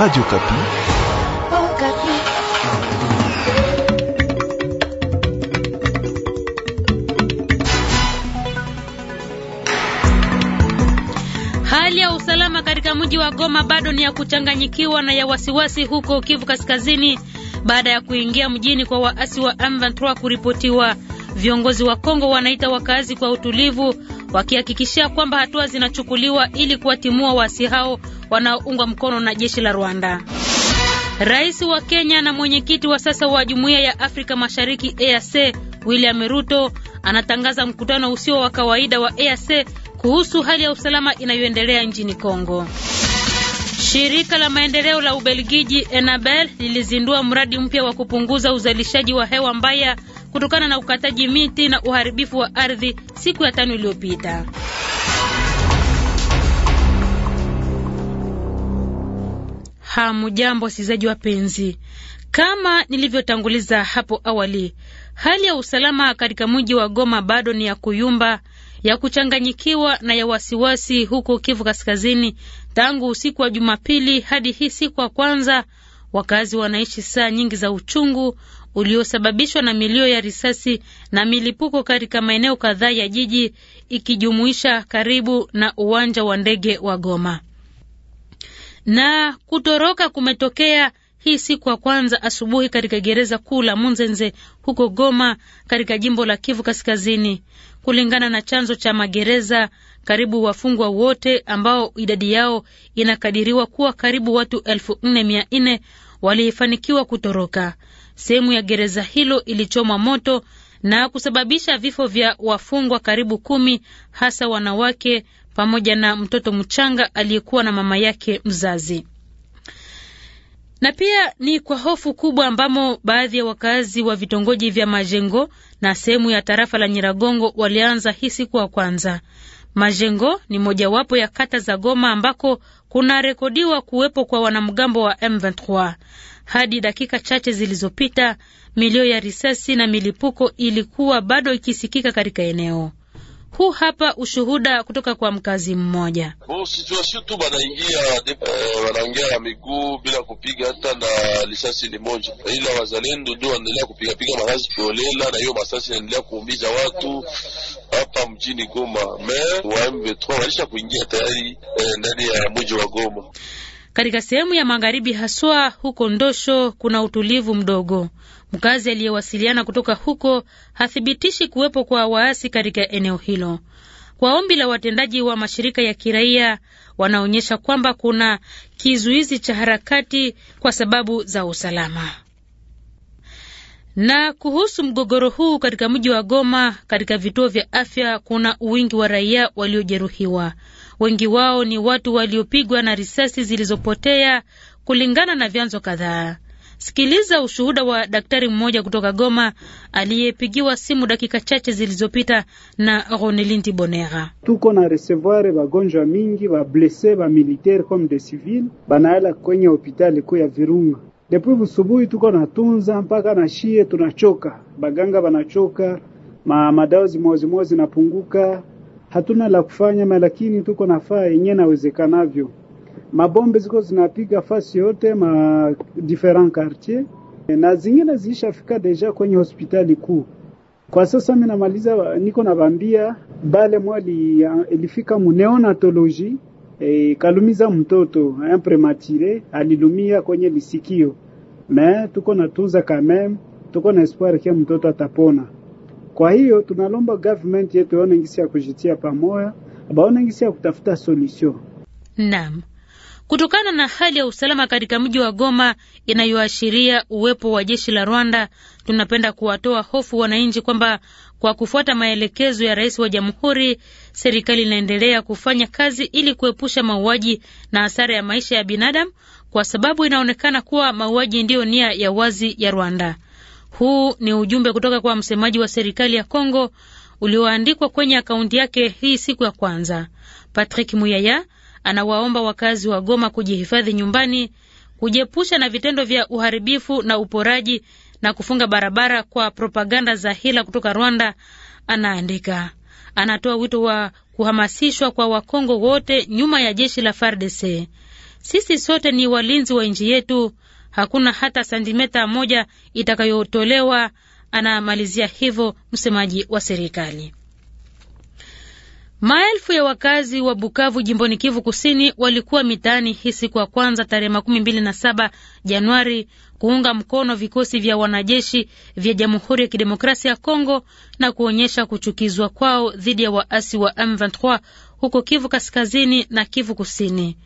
Radio Kapi. Oh, Kapi. Hali ya usalama katika mji wa Goma bado ni ya kuchanganyikiwa na ya wasiwasi huko Kivu Kaskazini baada ya kuingia mjini kwa waasi wa M23 kuripotiwa. Viongozi wa Kongo wanaita wakazi kwa utulivu wakihakikishia kwamba hatua zinachukuliwa ili kuwatimua waasi hao wanaoungwa mkono na jeshi la Rwanda. Rais wa Kenya na mwenyekiti wa sasa wa Jumuiya ya Afrika Mashariki EAC William Ruto anatangaza mkutano usio wa kawaida wa EAC kuhusu hali ya usalama inayoendelea nchini Kongo. Shirika la maendeleo la Ubelgiji Enabel lilizindua mradi mpya wa kupunguza uzalishaji wa hewa mbaya kutokana na ukataji miti na uharibifu wa ardhi siku ya tano iliyopita. Hamujambo wasikilizaji wapenzi, kama nilivyotanguliza hapo awali, hali ya usalama katika mji wa Goma bado ni ya kuyumba, ya kuchanganyikiwa na ya wasiwasi huko Kivu Kaskazini. Tangu usiku wa Jumapili hadi hii siku ya kwanza, wakazi wanaishi saa nyingi za uchungu uliosababishwa na milio ya risasi na milipuko katika maeneo kadhaa ya jiji, ikijumuisha karibu na uwanja wa ndege wa Goma na kutoroka kumetokea hii siku ya kwanza asubuhi katika gereza kuu la Munzenze huko Goma katika jimbo la Kivu Kaskazini. Kulingana na chanzo cha magereza, karibu wafungwa wote ambao idadi yao inakadiriwa kuwa karibu watu elfu nne mia nne walifanikiwa kutoroka. Sehemu ya gereza hilo ilichomwa moto na kusababisha vifo vya wafungwa karibu kumi, hasa wanawake pamoja na mtoto mchanga aliyekuwa na mama yake mzazi. Na pia ni kwa hofu kubwa ambamo baadhi ya wakazi wa vitongoji vya Majengo na sehemu ya tarafa la Nyiragongo walianza hii siku ya kwanza. Majengo ni mojawapo ya kata za Goma ambako kunarekodiwa kuwepo kwa wanamgambo wa M23. Hadi dakika chache zilizopita Milio ya risasi na milipuko ilikuwa bado ikisikika katika eneo. Huu hapa ushuhuda kutoka kwa mkazi mmoja. Situasio tu wanaingia eh, wanaongea ya miguu bila kupiga hata na risasi ni moja, ila wazalendo ndio wanaendelea kupigapiga masasi kiolela, na hiyo masasi inaendelea kuumiza watu hapa mjini Goma. Me wa M23 walisha kuingia tayari eh, ndani ya mji wa Goma. Katika sehemu ya magharibi haswa huko Ndosho kuna utulivu mdogo. Mkazi aliyewasiliana kutoka huko hathibitishi kuwepo kwa waasi katika eneo hilo. Kwa ombi la watendaji wa mashirika ya kiraia, wanaonyesha kwamba kuna kizuizi cha harakati kwa sababu za usalama. Na kuhusu mgogoro huu katika mji wa Goma, katika vituo vya afya kuna wingi wa raia waliojeruhiwa. Wengi wao ni watu waliopigwa na risasi zilizopotea, kulingana na vyanzo kadhaa. Sikiliza ushuhuda wa daktari mmoja kutoka Goma aliyepigiwa simu dakika chache zilizopita na Ronelinti Bonera. Tuko na resevoir bagonjwa mingi wa militaire comme de civil banaala kwenye hopitali kuu ya Virunga depuis busubuhi, tuko natunza mpaka na shie tunachoka, baganga banachoka, madawa zimozimozi zinapunguka hatuna la kufanya ma lakini tuko nafaa yenye nawezekanavyo. Mabombe ziko zinapiga fasi yote ma different quartier na zingine zishafika deja kwenye hospitali kuu. Kwa sasa mimi namaliza, niko nabambia bale mwali ilifika muneonatoloji e, kalumiza mtoto imprematire alilumia kwenye lisikio, me tuko natunza kameme, tuko na espoir kia mtoto atapona. Kwa hiyo tunalomba government yetu aone ngisi ya kujitia pamoja, abaone ngisi ya kutafuta solution. Naam. Kutokana na hali ya usalama katika mji wa Goma inayoashiria uwepo wa jeshi la Rwanda, tunapenda kuwatoa hofu wananchi kwamba kwa kufuata maelekezo ya rais wa jamhuri, serikali inaendelea kufanya kazi ili kuepusha mauaji na hasara ya maisha ya binadamu, kwa sababu inaonekana kuwa mauaji ndiyo nia ya wazi ya Rwanda. Huu ni ujumbe kutoka kwa msemaji wa serikali ya Kongo ulioandikwa kwenye akaunti yake hii siku ya kwanza. Patrick Muyaya anawaomba wakazi wa Goma kujihifadhi nyumbani, kujiepusha na vitendo vya uharibifu na uporaji na kufunga barabara kwa propaganda za hila kutoka Rwanda, anaandika. Anatoa wito wa kuhamasishwa kwa Wakongo wote nyuma ya jeshi la FARDC. Sisi sote ni walinzi wa nchi yetu, hakuna hata sentimeta moja itakayotolewa, anamalizia hivyo msemaji wa serikali. Maelfu ya wakazi wa Bukavu jimboni Kivu Kusini walikuwa mitaani hii siku ya kwanza tarehe makumi mbili na saba Januari kuunga mkono vikosi vya wanajeshi vya Jamhuri ya Kidemokrasia ya Kongo na kuonyesha kuchukizwa kwao dhidi ya waasi wa M23 huko Kivu Kaskazini na Kivu Kusini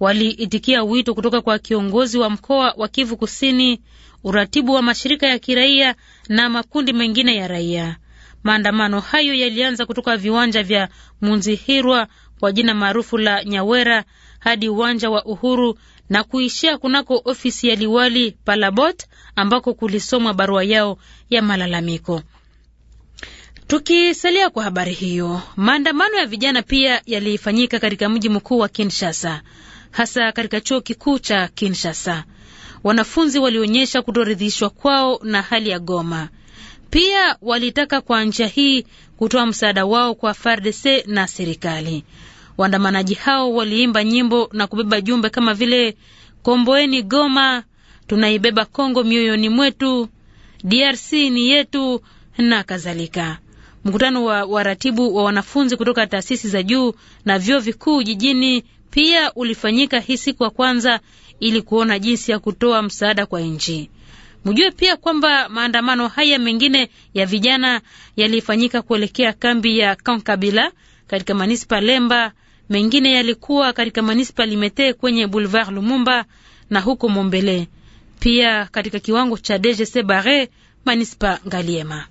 waliitikia wito kutoka kwa kiongozi wa mkoa wa Kivu Kusini, uratibu wa mashirika ya kiraia na makundi mengine ya raia. Maandamano hayo yalianza kutoka viwanja vya Munzihirwa kwa jina maarufu la Nyawera hadi uwanja wa Uhuru na kuishia kunako ofisi ya liwali Palabot ambako kulisomwa barua yao ya malalamiko. Tukisalia kwa habari hiyo, maandamano ya vijana pia yalifanyika katika mji mkuu wa Kinshasa hasa katika chuo kikuu cha Kinshasa. Wanafunzi walionyesha kutoridhishwa kwao na hali ya Goma. Pia walitaka kwa njia hii kutoa msaada wao kwa FARDC na serikali. Waandamanaji hao waliimba nyimbo na kubeba jumbe kama vile komboeni Goma, tunaibeba Kongo mioyoni mwetu, DRC ni yetu na kadhalika. Mkutano wa waratibu wa wanafunzi kutoka taasisi za juu na vyuo vikuu jijini pia ulifanyika hii siku ya kwanza ili kuona jinsi ya kutoa msaada kwa nchi. Mjue pia kwamba maandamano haya mengine ya vijana yalifanyika kuelekea kambi ya Kankabila katika manispa Lemba, mengine yalikuwa katika manispa Limete kwenye Boulevard Lumumba na huko Mombele, pia katika kiwango cha DGC Bare manispa Ngaliema.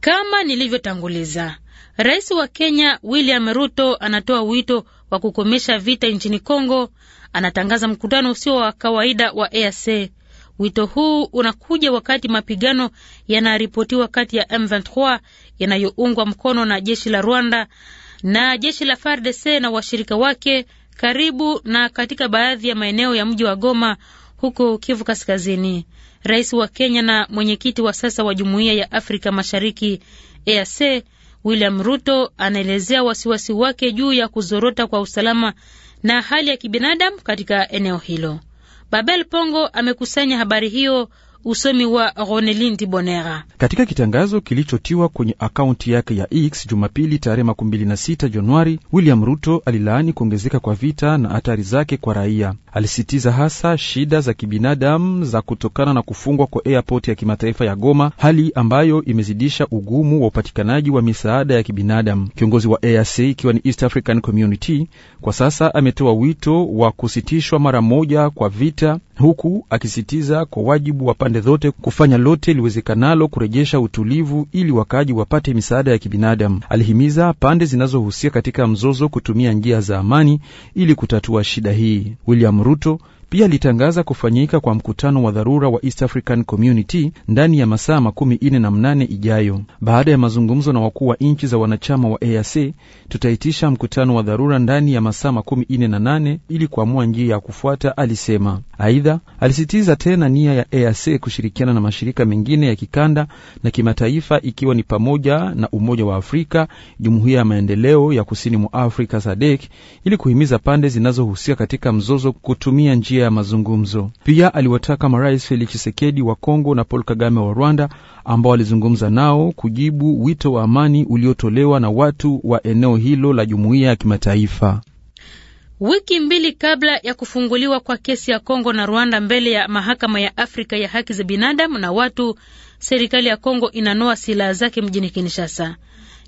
Kama nilivyotanguliza, rais wa Kenya William Ruto anatoa wito wa kukomesha vita nchini Kongo anatangaza mkutano usio wa kawaida wa EAC. Wito huu unakuja wakati mapigano yanaripotiwa kati ya M23 yanayoungwa mkono na jeshi la Rwanda na jeshi la FARDC na washirika wake karibu na katika baadhi ya maeneo ya mji wa Goma huko Kivu Kaskazini. Rais wa Kenya na mwenyekiti wa sasa wa Jumuiya ya Afrika Mashariki EAC William Ruto anaelezea wasiwasi wake juu ya kuzorota kwa usalama na hali ya kibinadamu katika eneo hilo. Babel Pongo amekusanya habari hiyo Usomi wa Ronelin Dibonera katika kitangazo kilichotiwa kwenye akaunti yake ya X Jumapili tarehe 26 Januari, William Ruto alilaani kuongezeka kwa vita na hatari zake kwa raia. Alisitiza hasa shida za kibinadamu za kutokana na kufungwa kwa airport ya kimataifa ya Goma, hali ambayo imezidisha ugumu wa upatikanaji wa misaada ya kibinadamu. Kiongozi wa EAC ikiwa ni East African Community kwa sasa ametoa wito wa kusitishwa mara moja kwa vita, huku akisitiza kwa wajibu wa pande zote kufanya lote liwezekanalo kurejesha utulivu ili wakaaji wapate misaada ya kibinadamu. Alihimiza pande zinazohusika katika mzozo kutumia njia za amani ili kutatua shida hii. William Ruto, pia alitangaza kufanyika kwa mkutano wa dharura wa East African Community ndani ya masaa makumi ine na mnane ijayo. Baada ya mazungumzo na wakuu wa nchi za wanachama wa EAC, tutaitisha mkutano wa dharura ndani ya masaa makumi ine na nane ili kuamua njia ya kufuata, alisema. Aidha, alisitiza tena nia ya EAC kushirikiana na mashirika mengine ya kikanda na kimataifa ikiwa ni pamoja na Umoja wa Afrika, Jumuiya ya Maendeleo ya Kusini mwa Afrika, SADC, ili kuhimiza pande zinazohusika katika mzozo kutumia njia njia ya mazungumzo. Pia aliwataka marais Felix chisekedi wa Kongo na Paul Kagame wa Rwanda, ambao alizungumza nao, kujibu wito wa amani uliotolewa na watu wa eneo hilo la jumuiya ya kimataifa. Wiki mbili kabla ya kufunguliwa kwa kesi ya Kongo na Rwanda mbele ya mahakama ya Afrika ya haki za binadamu na watu, serikali ya Kongo inanoa silaha zake mjini Kinshasa.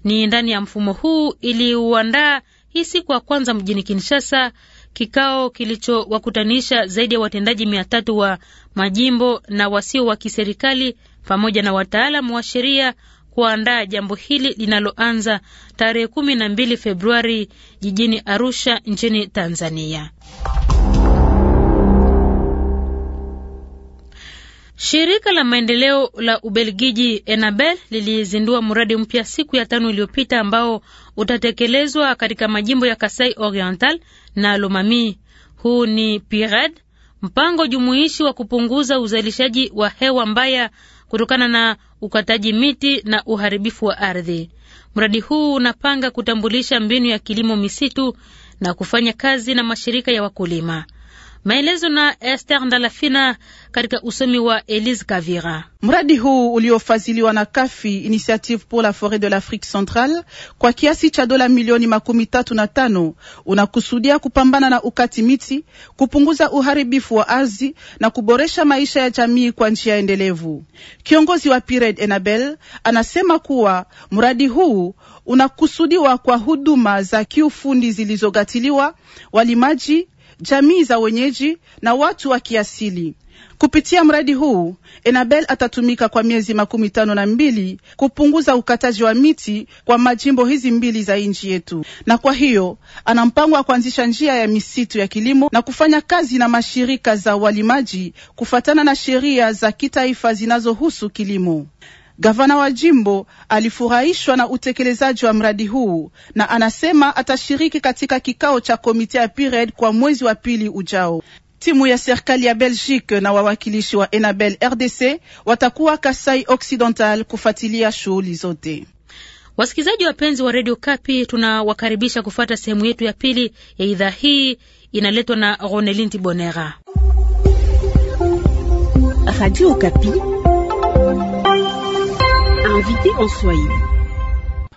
Ni ndani ya mfumo huu iliuandaa hii siku ya kwanza mjini Kinshasa Kikao kilichowakutanisha zaidi ya watendaji mia tatu wa majimbo na wasio wa kiserikali pamoja na wataalamu wa sheria kuandaa jambo hili linaloanza tarehe kumi na mbili Februari jijini Arusha nchini Tanzania. Shirika la maendeleo la Ubelgiji Enabel lilizindua mradi mpya siku ya tano iliyopita ambao utatekelezwa katika majimbo ya Kasai Oriental na Lomami. Huu ni PIRAD, mpango jumuishi wa kupunguza uzalishaji wa hewa mbaya kutokana na ukataji miti na uharibifu wa ardhi. Mradi huu unapanga kutambulisha mbinu ya kilimo misitu na kufanya kazi na mashirika ya wakulima. Maelezo na Esther Ndalafina katika usomi wa Elise Kavira. Mradi huu uliofadhiliwa na Kafi Initiative pour la Forêt de l'Afrique Centrale kwa kiasi cha dola milioni makumi tatu na tano unakusudia kupambana na ukati miti, kupunguza uharibifu wa ardhi na kuboresha maisha ya jamii kwa njia endelevu. Kiongozi wa Pired Enabel anasema kuwa mradi huu unakusudiwa kwa huduma za kiufundi zilizogatiliwa walimaji jamii za wenyeji na watu wa kiasili. Kupitia mradi huu Enabel atatumika kwa miezi makumi tano na mbili kupunguza ukataji wa miti kwa majimbo hizi mbili za nchi yetu, na kwa hiyo ana mpango wa kuanzisha njia ya misitu ya kilimo na kufanya kazi na mashirika za walimaji kufuatana na sheria za kitaifa zinazohusu kilimo. Gavana wa jimbo alifurahishwa na utekelezaji wa mradi huu na anasema atashiriki katika kikao cha komite ya PIRED kwa mwezi wa pili ujao. Timu ya serikali ya Belgique na wawakilishi wa Enabel RDC watakuwa Kasai Occidental kufuatilia shughuli zote. Wasikilizaji wapenzi wa redio Kapi, tunawakaribisha kufuata sehemu yetu ya pili ya idhaa hii, inaletwa na Ronelinti Bonera, Radio Kapi. invité en soi.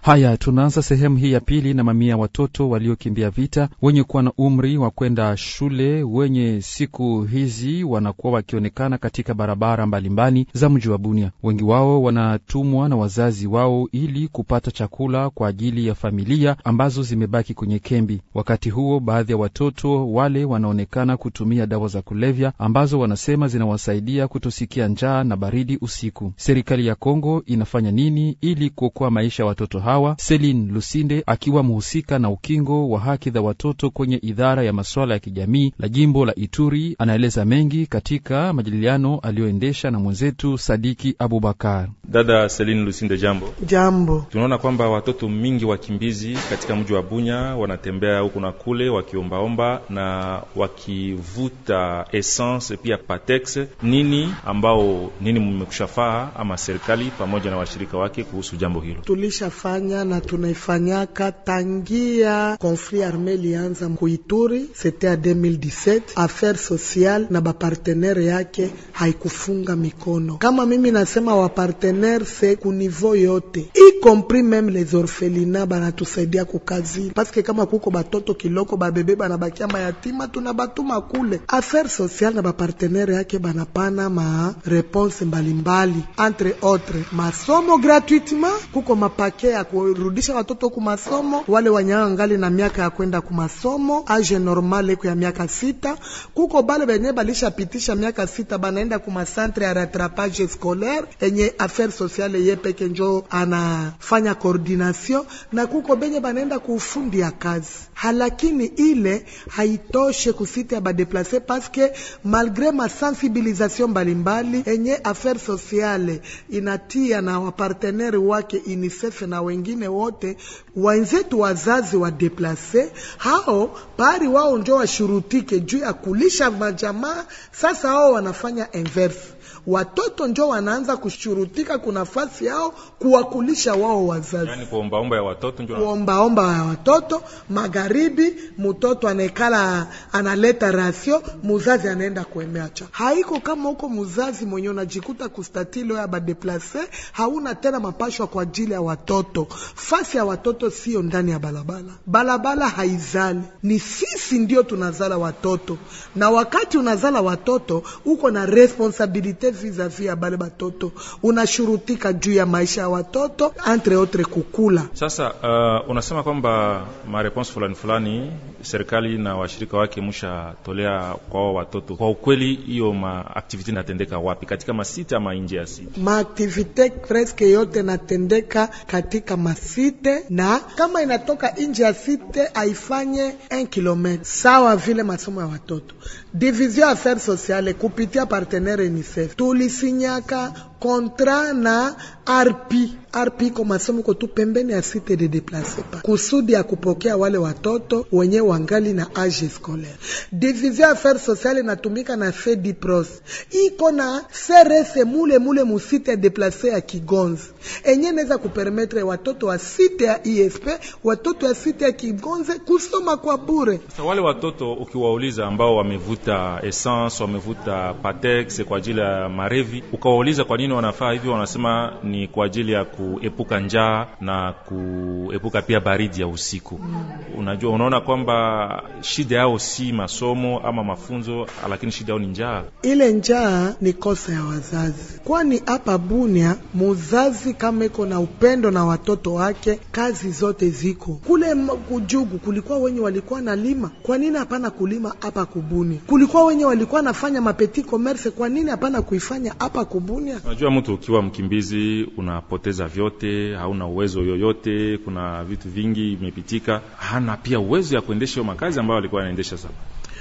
Haya, tunaanza sehemu hii ya pili na mamia watoto waliokimbia vita wenye kuwa na umri wa kwenda shule wenye siku hizi wanakuwa wakionekana katika barabara mbalimbali za mji wa Bunia. Wengi wao wanatumwa na wazazi wao ili kupata chakula kwa ajili ya familia ambazo zimebaki kwenye kembi Wakati huo, baadhi ya watoto wale wanaonekana kutumia dawa za kulevya ambazo wanasema zinawasaidia kutosikia njaa na baridi usiku. Serikali ya Kongo inafanya nini ili kuokoa maisha ya watoto hao? Mtawa Celine Lusinde akiwa mhusika na ukingo wa haki za watoto kwenye idara ya masuala ya kijamii la jimbo la Ituri anaeleza mengi katika majadiliano aliyoendesha na mwenzetu Sadiki Abubakar. Dada Celine Lusinde, jambo. Jambo. Tunaona kwamba watoto mingi wakimbizi katika mji wa Bunya wanatembea huku na kule wakiombaomba na wakivuta essence pia Patex. Nini ambao nini mmekushafaa ama serikali pamoja na washirika wake kuhusu jambo hilo? Tulishafanya tunafanya na tunaifanyaka tangia konfli arme ilianza kuituri sete a 2017 affaire sociale na bapartenere yake haikufunga mikono. Kama mimi nasema wapartenere se ku niveau yote y compris meme les orphelina banatusaidia kukazini, paske kama kuko batoto kiloko babebe banabakia mayatima tunabatuma kule. Affaire sociale na bapartenere yake banapana ma reponse mbalimbali, entre autres masomo gratuitement, kuko mapake ya kurudisha watoto kumasomo, wale wanyaangali na miaka ya kwenda kumasomo age normale kwa miaka sita. Kuko bale benye balishapitisha miaka sita banaenda kumasantre ya rattrapage scolaire enye affaire sociale ye peke njo anafanya coordination, na kuko benye banaenda kuufundi ya kazi, halakini ile haitoshe kusita ya badeplace paske malgre masensibilization mbalimbali enye affaire sociale inatia na wapartenere wake UNICEF na we wengine wote, wenzetu wazazi wa deplase hao pari wao njo washurutike juu ya kulisha majamaa. Sasa hao wanafanya inverse watoto njo wanaanza kushurutika ku nafasi yao kuwakulisha wao wazazi, yani kuombaomba ya watoto njo kuombaomba ya watoto magharibi. Mtoto anekala analeta rasio, muzazi anaenda kuemeacha. haiko kama huko. Muzazi mwenye unajikuta kustatilo ya badeplase, hauna tena mapashwa kwa ajili ya watoto. Fasi ya watoto sio ndani ya balabala, balabala haizali, ni sisi ndio tunazala watoto, na wakati unazala watoto uko na responsibility vizavi ya bale batoto, unashurutika juu ya maisha ya watoto entre autres kukula. Sasa uh, unasema kwamba mareponse fulani fulani serikali na washirika wake mushatolea kwa watoto. Kwa ukweli hiyo maaktivite natendeka wapi? Katika masite ama nje ya site? Maaktivite preske yote natendeka katika masite, na kama inatoka nje ya site aifanye 1 km sawa vile masomo ya watoto, division affaires sociales kupitia partenaire UNICEF tulifinyaka kontra na arpi arpi komasomo kotu pembeni ya site de deplacepa kusudi ya kupokea wale watoto wenye wangali na age scolaire. Division affaires sociale inatumika na pros iko na CRS mule mule musite ya deplace ya kigonze enye neza kupermetre watoto wa site ya ISP watoto wa site ya kigonze kusoma kwa bure. Sasa wale watoto ukiwauliza, ambao wamevuta essence wamevuta patex kwa ajili ya marevi, ukawauliza kwa nini nini wanafaa hivyo? Wanasema ni kwa ajili ya kuepuka njaa na kuepuka pia baridi ya usiku. Mm. Unajua, unaona kwamba shida yao si masomo ama mafunzo, lakini shida yao ni njaa. Ile njaa ni kosa ya wazazi, kwani hapa Bunia muzazi kama iko na upendo na watoto wake, kazi zote ziko kule. Kujugu kulikuwa wenye walikuwa na lima, kwa nini hapana kulima hapa Kubunia? Kulikuwa wenye walikuwa nafanya mapeti commerce, kwa nini hapana kuifanya hapa Kubunia? Unajua, mtu ukiwa mkimbizi unapoteza vyote, hauna uwezo yoyote, kuna vitu vingi imepitika, hana pia uwezo ya kuendesha hiyo makazi ambayo alikuwa anaendesha sasa.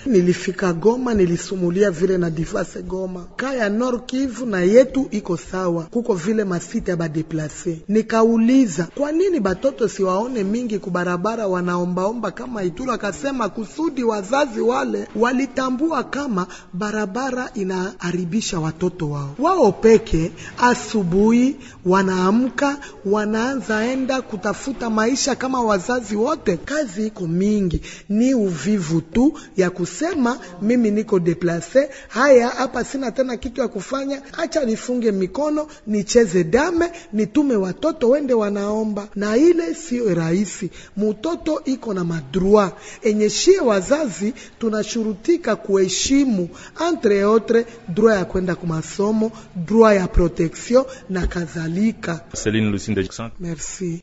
Nilifika Goma, nilisumulia vile na divase Goma kaya Nord Kivu na yetu iko sawa, kuko vile masite ya badeplase. Nikauliza kwa nini batoto siwaone mingi kubarabara wanaombaomba kama Itula, akasema kusudi wazazi wale walitambua kama barabara inaharibisha watoto wao wao peke. Asubuhi wanaamka wanaanza enda kutafuta maisha kama wazazi wote. Kazi iko mingi, ni uvivu tu ya kus kusema mimi niko deplase, haya hapa sina tena kitu ya kufanya, acha nifunge mikono, nicheze dame, nitume watoto wende wanaomba. Na ile sio rahisi, mutoto iko na madrua enye shie wazazi tunashurutika kuheshimu, entre autres droit ya kwenda kumasomo, droit ya protection na kadhalika. Celine Lucinde Merci.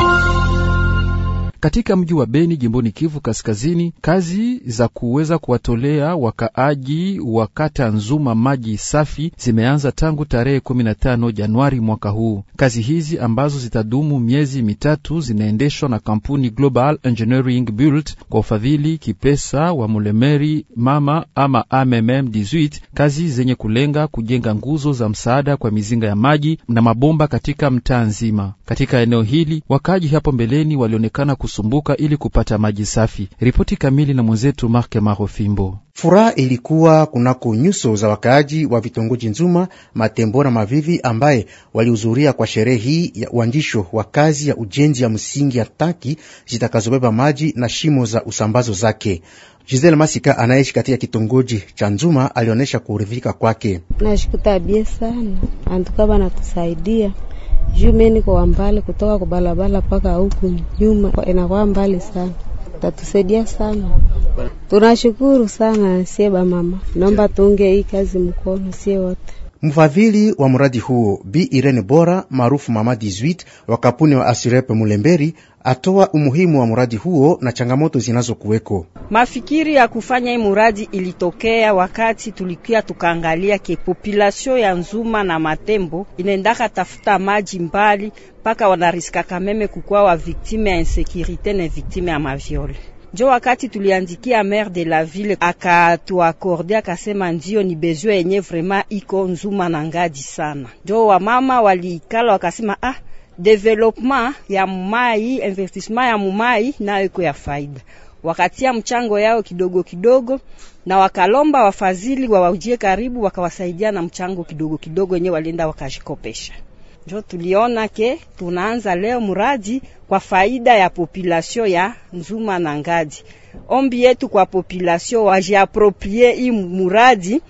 katika mji wa Beni jimboni Kivu Kaskazini. Kazi za kuweza kuwatolea wakaaji wa kata Nzuma maji safi zimeanza tangu tarehe 15 Januari mwaka huu. Kazi hizi ambazo zitadumu miezi mitatu zinaendeshwa na kampuni Global Engineering Build kwa ufadhili kipesa wa Mulemeri mama ama AMM 18, kazi zenye kulenga kujenga nguzo za msaada kwa mizinga ya maji na mabomba katika mtaa nzima. Katika eneo hili wakaaji hapo mbeleni walionekana kusumbuka ili kupata maji safi. Ripoti kamili na mwenzetu Marke Marofimbo. Furaha ilikuwa kunako nyuso za wakaaji wa vitongoji Nzuma, Matembo na Mavivi ambaye walihudhuria kwa sherehe hii ya uanjisho wa kazi ya ujenzi ya msingi ya tanki zitakazobeba maji na shimo za usambazo zake. Gisele Masika anaishi katika kitongoji cha Nzuma alionyesha kuridhika kwake. Nashikuta bie sana antuka banatusaidia juu mimi niko wambali kutoka kwa mpaka huku nyuma, inakuwa mbali sana. Tatusaidia sana, tunashukuru sana sie ba mama. Naomba tuunge hii kazi mkono sie wote. Mfadhili wa mradi huo b Irene Bora maarufu Mama 18 wa kampuni wa Asirepe Mulemberi atoa umuhimu wa mradi huo na changamoto zinazokuweko. Mafikiri ya kufanya hii muradi ilitokea wakati tulikia tukaangalia ke populasio ya Nzuma na Matembo inaendaka tafuta maji mbali mpaka wanariskaka meme kukuwa wa viktime ya insekirite na viktime ya maviole njo wakati tuliandikia maire de la ville akatuakorde, akasema ndio ni besoin yenye vraiment iko nzuma na ngadi sana. Njo wamama waliikala wakasema ah, development ya mumai investissement ya mumai nayo iko ya faida wakatia mchango yao kidogo kidogo, na wakalomba wafadhili wawajie karibu, wakawasaidia na mchango kidogo kidogo, yenye walienda wakashikopesha njo tuliona ke tunaanza leo muradi kwa faida ya population ya Nzuma na Ngadi. Ombi yetu kwa population wajiaproprie hii muradi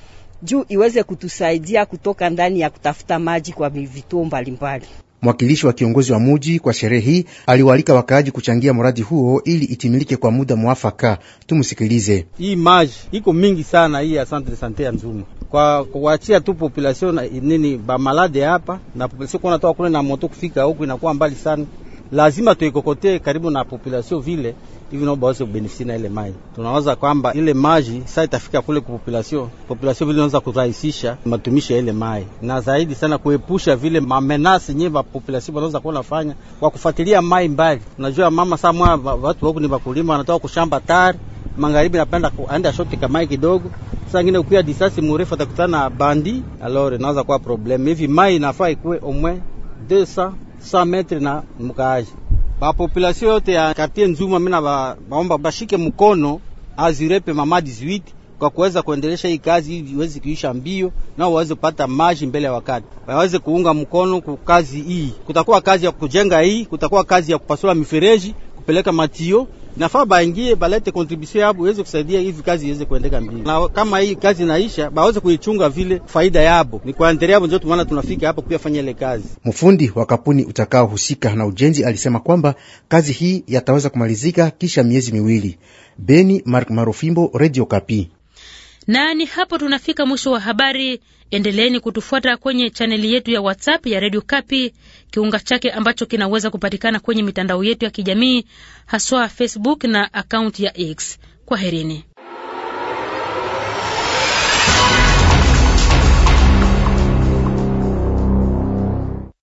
juu iweze kutusaidia kutoka ndani ya kutafuta maji kwa vituo mbalimbali. Mwakilishi wa kiongozi wa muji kwa sherehe hii aliwaalika wakaaji kuchangia mradi huo ili itimilike kwa muda mwafaka. Tumsikilize. Hii maji iko mingi sana hii ya santre de sante ya Nzuma, kwa kuachia tu population nini bamalade hapa na population kuona toa kule na moto kufika huku inakuwa mbali sana lazima tuikokotee karibu na population vile hivi nao baweze kubenefisi na ile maji. Tunawaza kwamba ile maji saa itafika kule kwa population, population vile inaweza kurahisisha matumishi ya ile maji, na zaidi sana kuepusha vile mamenasi nye ba population wanaweza kuwa nafanya kwa kufuatilia maji mbali. Unajua mama saa mwa watu wako ni wakulima, wanatoka kushamba tari magharibi, napenda kuenda shoti kama kidogo sasa ngine ukia disasi murefu atakutana na bandi, alors inaweza kuwa problem. Hivi maji inafaa ikuwe omwe 200 100 metre na mkaaji. Bapopulasio yote ya quartier Nzuma, mina baomba bashike mkono azirepe mama 18 kwa kuweza kuendelesha hii kazi ili iweze kuisha mbio na waweze kupata maji mbele ya wakati, waweze kuunga mkono kwa kazi hii. Kutakuwa kazi ya kujenga hii, kutakuwa kazi ya kupasula mifereji kupeleka matio nafaa baingie balete contribution yabo iweze kusaidia hivi kazi iweze kuendeka mbili, na kama hii kazi inaisha baweze kuichunga vile faida yabo ni kwa endelea hapo, ndio tumaana tunafika hapo pia fanya ile kazi. Mfundi wa kampuni husika na ujenzi alisema kwamba kazi hii yataweza kumalizika kisha miezi miwili. Beni, Mark Marofimbo, Radio Kapi. Na ni hapo tunafika mwisho wa habari. Endeleeni kutufuata kwenye chaneli yetu ya WhatsApp ya Radio Kapi, kiunga chake ambacho kinaweza kupatikana kwenye mitandao yetu ya kijamii haswa Facebook na akaunti ya X. Kwaherini.